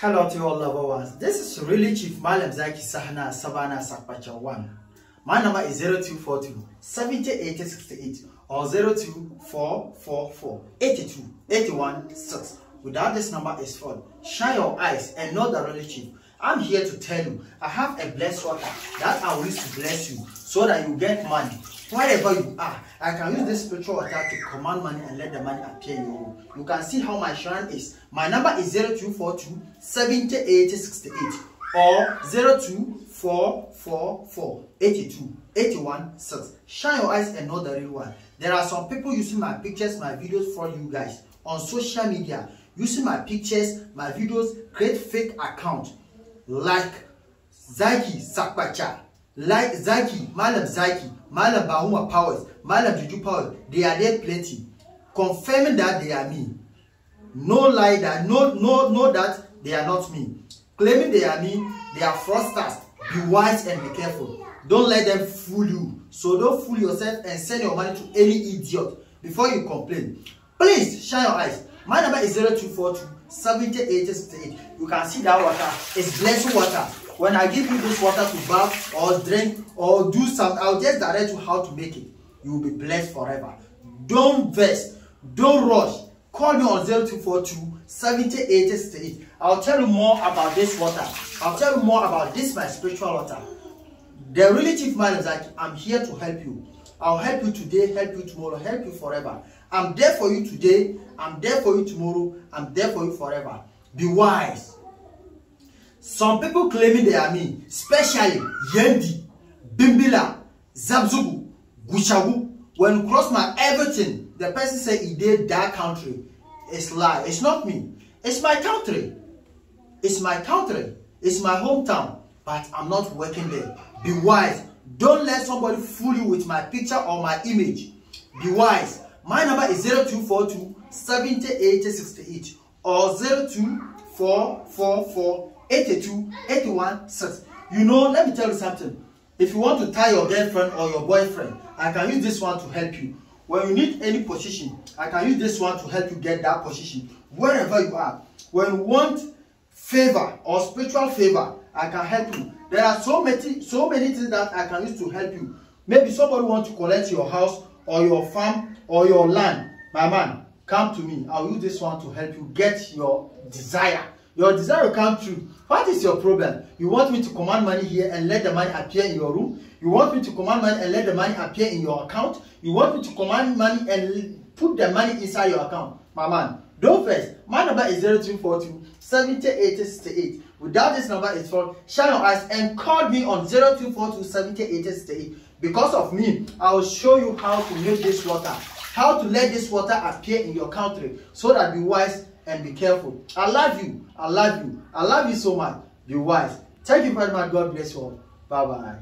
Hello to all lovers. This is really Chief Malam Zaki Sahana Sabana Sakpacha 1. My number is 0242 708068 or 02444 81 6. Without this number is fraud. Shine your eyes and know the really Chief. I'm here to tell you, I have a blessed water that I will use to bless you so that you get money. wherever you are, I can use this spiritual attack to command money and let the money appear in your home. You can see how my shrine is. My number is zero two two four seventy eight sixty eight or zero two four four four eighty two eighty one. 6. Shine your eyes and know the real one. There are some people using my pictures, my videos for you guys on social media, using my pictures, my videos, create fake account like Zaki Sakpacha. Like zaki malam zaki malam bahuma powers malam juju powers they are there plenty confirming that they are me no lie that no no no that they are not me claiming they are me they are fraudsters be wise and be careful don't let them fool you so don't fool yourself and send your money to any idiot before you complain please shine your eyes my number is zero two four two seventy eight sixty eight you can see that water is blessing water When I give you this water to bath or drink or do something, I'll just direct you how to make it. You will be blessed forever. Don't vex. Don't rush. Call me on 0242 70 80 68. I'll tell you more about this water. I'll tell you more about this, my spiritual water. The really chief man is like, I'm here to help you. I'll help you today, help you tomorrow, help you forever. I'm there for you today. I'm there for you tomorrow. I'm there for you forever. Be wise. Some people claiming they are me, especially Yendi, Bimbila, Zabzugu, Guchagu. When cross my everything, the person say he did that country. It's lie. It's not me. It's my country. It's my country. It's my hometown. But I'm not working there. Be wise. Don't let somebody fool you with my picture or my image. Be wise. My number is 0242 70 68 or 02444 82, 81, 6. You know, let me tell you something. If you want to tie your girlfriend or your boyfriend, I can use this one to help you. When you need any position, I can use this one to help you get that position wherever you are. When you want favor or spiritual favor, I can help you. There are so many so many things that I can use to help you. Maybe somebody wants to collect your house or your farm or your land. My man, come to me. I'll use this one to help you get your desire Your desire will come true. What is your problem? You want me to command money here and let the money appear in your room? You want me to command money and let the money appear in your account? You want me to command money and put the money inside your account? My man, don't first. My number is zero two two four eight 0242 eight. Without this number, it's for shine your eyes and call me on zero two two four eight 0242 eight. Because of me, I will show you how to make this water, how to let this water appear in your country so that be wise and be careful. I love you. I love you. I love you so much. Be wise. Thank you very much. God bless you all. Bye bye.